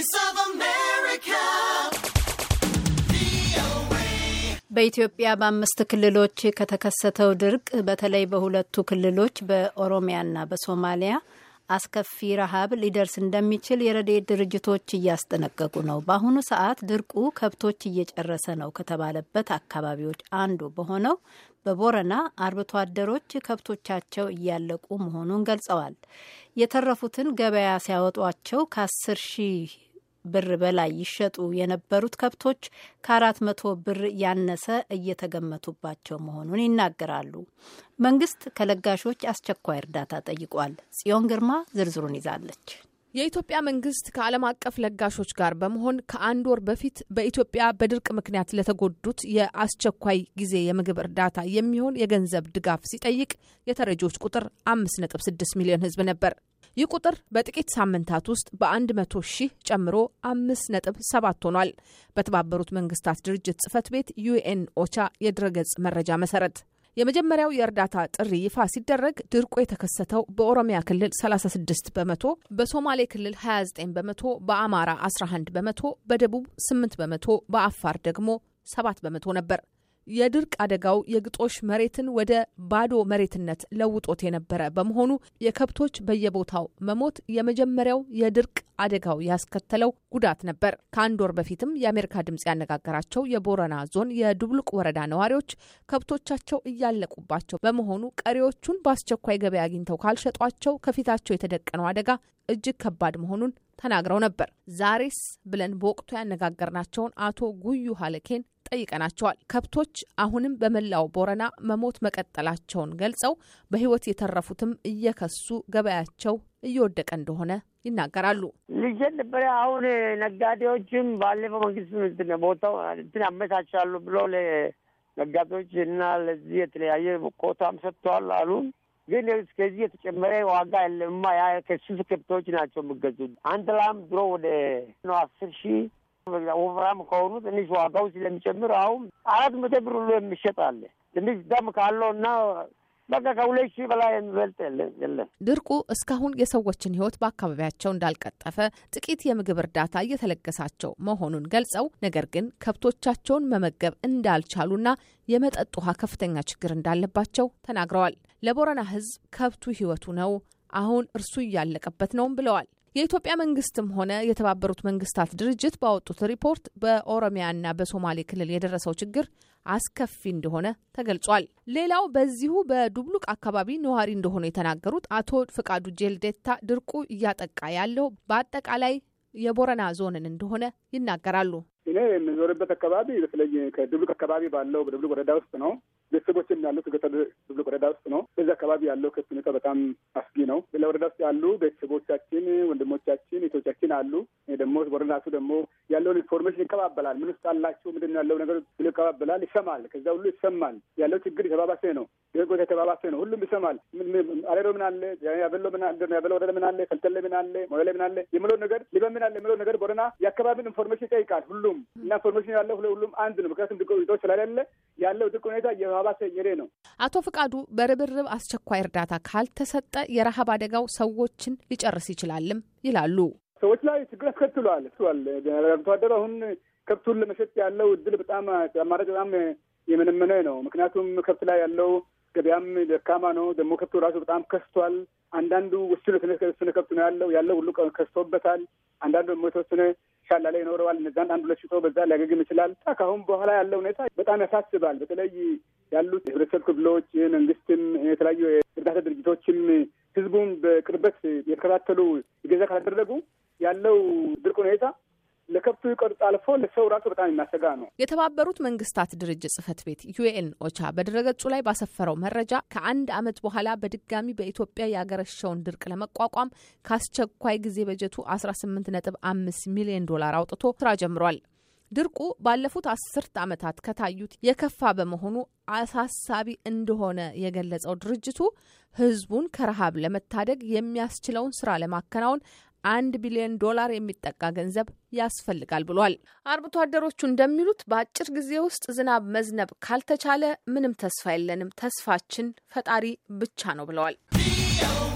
Voice በኢትዮጵያ በአምስት ክልሎች ከተከሰተው ድርቅ በተለይ በሁለቱ ክልሎች በኦሮሚያና በሶማሊያ አስከፊ ረሃብ ሊደርስ እንደሚችል የረድኤት ድርጅቶች እያስጠነቀቁ ነው። በአሁኑ ሰዓት ድርቁ ከብቶች እየጨረሰ ነው ከተባለበት አካባቢዎች አንዱ በሆነው በቦረና አርብቶ አደሮች ከብቶቻቸው እያለቁ መሆኑን ገልጸዋል። የተረፉትን ገበያ ሲያወጧቸው ከአስር ሺህ ብር በላይ ይሸጡ የነበሩት ከብቶች ከአራት መቶ ብር ያነሰ እየተገመቱባቸው መሆኑን ይናገራሉ። መንግስት ከለጋሾች አስቸኳይ እርዳታ ጠይቋል። ጽዮን ግርማ ዝርዝሩን ይዛለች። የኢትዮጵያ መንግስት ከዓለም አቀፍ ለጋሾች ጋር በመሆን ከአንድ ወር በፊት በኢትዮጵያ በድርቅ ምክንያት ለተጎዱት የአስቸኳይ ጊዜ የምግብ እርዳታ የሚሆን የገንዘብ ድጋፍ ሲጠይቅ የተረጂዎች ቁጥር አምስት ነጥብ ስድስት ሚሊዮን ሕዝብ ነበር። ይህ ቁጥር በጥቂት ሳምንታት ውስጥ በአንድ መቶ ሺህ ጨምሮ አምስት ነጥብ ሰባት ሆኗል። በተባበሩት መንግስታት ድርጅት ጽህፈት ቤት ዩኤን ኦቻ የድረገጽ መረጃ መሰረት የመጀመሪያው የእርዳታ ጥሪ ይፋ ሲደረግ ድርቁ የተከሰተው በኦሮሚያ ክልል 36 በመቶ፣ በሶማሌ ክልል 29 በመቶ፣ በአማራ 11 በመቶ፣ በደቡብ 8 በመቶ፣ በአፋር ደግሞ 7 በመቶ ነበር። የድርቅ አደጋው የግጦሽ መሬትን ወደ ባዶ መሬትነት ለውጦት የነበረ በመሆኑ የከብቶች በየቦታው መሞት የመጀመሪያው የድርቅ አደጋው ያስከተለው ጉዳት ነበር። ከአንድ ወር በፊትም የአሜሪካ ድምጽ ያነጋገራቸው የቦረና ዞን የዱብሉቅ ወረዳ ነዋሪዎች ከብቶቻቸው እያለቁባቸው በመሆኑ ቀሪዎቹን በአስቸኳይ ገበያ አግኝተው ካልሸጧቸው ከፊታቸው የተደቀነው አደጋ እጅግ ከባድ መሆኑን ተናግረው ነበር። ዛሬስ ብለን በወቅቱ ያነጋገርናቸውን አቶ ጉዩ ሀለኬን ጠይቀናቸዋል። ከብቶች አሁንም በመላው ቦረና መሞት መቀጠላቸውን ገልጸው በህይወት የተረፉትም እየከሱ ገበያቸው እየወደቀ እንደሆነ ይናገራሉ። ልጄ ነበረ አሁን ነጋዴዎችም ባለፈው መንግስት ቦታው እንትን ያመቻቻሉ ብሎ ነጋዴዎች እና ለዚህ የተለያየ ኮታም ሰጥተዋል አሉ። ግን እስከዚህ የተጨመረ ዋጋ የለምማ። ያ ከሱ ከብቶች ናቸው የሚገዙ አንድ ላም ድሮ ወደ አስር ሺህ ወፍራም ከሆኑ ትንሽ ዋጋው ስለሚጨምር አሁን አራት መቶ ብር ሁሉ የሚሸጣለ ትንሽ ደም ካለው እና በቃ ከሁለት ሺህ በላይ የሚበልጥ የለም። ድርቁ እስካሁን የሰዎችን ሕይወት በአካባቢያቸው እንዳልቀጠፈ ጥቂት የምግብ እርዳታ እየተለገሳቸው መሆኑን ገልጸው ነገር ግን ከብቶቻቸውን መመገብ እንዳልቻሉና የመጠጥ ውሃ ከፍተኛ ችግር እንዳለባቸው ተናግረዋል። ለቦረና ሕዝብ ከብቱ ሕይወቱ ነው። አሁን እርሱ እያለቀበት ነውም ብለዋል። የኢትዮጵያ መንግስትም ሆነ የተባበሩት መንግስታት ድርጅት ባወጡት ሪፖርት በኦሮሚያና በሶማሌ ክልል የደረሰው ችግር አስከፊ እንደሆነ ተገልጿል። ሌላው በዚሁ በዱብሉቅ አካባቢ ነዋሪ እንደሆኑ የተናገሩት አቶ ፍቃዱ ጄልዴታ ድርቁ እያጠቃ ያለው በአጠቃላይ የቦረና ዞንን እንደሆነ ይናገራሉ። እኔ የምኖርበት አካባቢ በተለይ ከዱብሉቅ አካባቢ ባለው በዱብሉቅ ወረዳ ውስጥ ነው። ቤተሰቦች የሚያሉት ገጠር ብዙ ወረዳ ውስጥ ነው። በዚህ አካባቢ ያለው ከብት ሁኔታ በጣም አስጊ ነው። ለወረዳ ውስጥ ያሉ ቤተሰቦቻችን፣ ወንድሞቻችን፣ እህቶቻችን አሉ። ደግሞ ወረዳቱ ደግሞ ያለውን ኢንፎርሜሽን ይቀባበላል። ምን ውስጥ አላቸው ምንድን ያለው ነገር ብሎ ይቀባበላል፣ ይሰማል። ከዛ ሁሉ ይሰማል። ያለው ችግር የተባባሰ ነው፣ ድርቆት የተባባሰ ነው። ሁሉም ይሰማል። አሌሮ ምን አለ ያበሎ ምን አለ ያበሎ ወደ ምን አለ ፈልተለ ምን አለ ሞለ ምን አለ የምለው ነገር ሊበ ምን አለ የምለው ነገር ቦረና የአካባቢን ኢንፎርሜሽን ይጠይቃል። ሁሉም እና ኢንፎርሜሽን ያለው ሁሉም አንድ ነው። ምክንያቱም ድቆ ይዞ ስላሌለ ያለው ድቅ ሁኔታ የተባባሰ የሄደ ነው። አቶ ፍቃዱ በርብርብ አስቸኳይ እርዳታ ካልተሰጠ የረሀብ አደጋው ሰዎችን ሊጨርስ ይችላልም ይላሉ። ሰዎች ላይ ችግር አስከትሏል። ስል አርብቶ አሁን ከብቱን ለመሸጥ ያለው እድል በጣም አማራጭ በጣም የመነመነ ነው። ምክንያቱም ከብት ላይ ያለው ገበያም ደካማ ነው። ደግሞ ከብቱ ራሱ በጣም ከስቷል። አንዳንዱ ወስኖ የተወሰነ ከብት ነው ያለው ያለው ሁሉ ከስቶበታል። አንዳንዱ ደግሞ የተወሰነ ሻላ ላይ ይኖረዋል። እነዛን አንዱ ለሽቶ በዛ ሊያገግም ይችላል። ካሁን በኋላ ያለው ሁኔታ በጣም ያሳስባል። በተለይ ያሉት የህብረተሰብ ክፍሎች መንግስትም፣ የተለያዩ የእርዳታ ድርጅቶችም ህዝቡን በቅርበት የተከታተሉ ይገዛ ካላደረጉ ያለው ድርቅ ሁኔታ ለከብቱ ቅርጽ አልፎ ለሰው ራሱ በጣም የሚያሰጋ ነው። የተባበሩት መንግስታት ድርጅት ጽህፈት ቤት ዩኤን ኦቻ በድረገጹ ላይ ባሰፈረው መረጃ ከአንድ ዓመት በኋላ በድጋሚ በኢትዮጵያ ያገረሸውን ድርቅ ለመቋቋም ከአስቸኳይ ጊዜ በጀቱ 18 ነጥብ 5 ሚሊዮን ዶላር አውጥቶ ስራ ጀምሯል። ድርቁ ባለፉት አስርት ዓመታት ከታዩት የከፋ በመሆኑ አሳሳቢ እንደሆነ የገለጸው ድርጅቱ ህዝቡን ከረሃብ ለመታደግ የሚያስችለውን ስራ ለማከናወን አንድ ቢሊዮን ዶላር የሚጠጋ ገንዘብ ያስፈልጋል ብሏል። አርብቶ አደሮቹ እንደሚሉት በአጭር ጊዜ ውስጥ ዝናብ መዝነብ ካልተቻለ ምንም ተስፋ የለንም፣ ተስፋችን ፈጣሪ ብቻ ነው ብለዋል።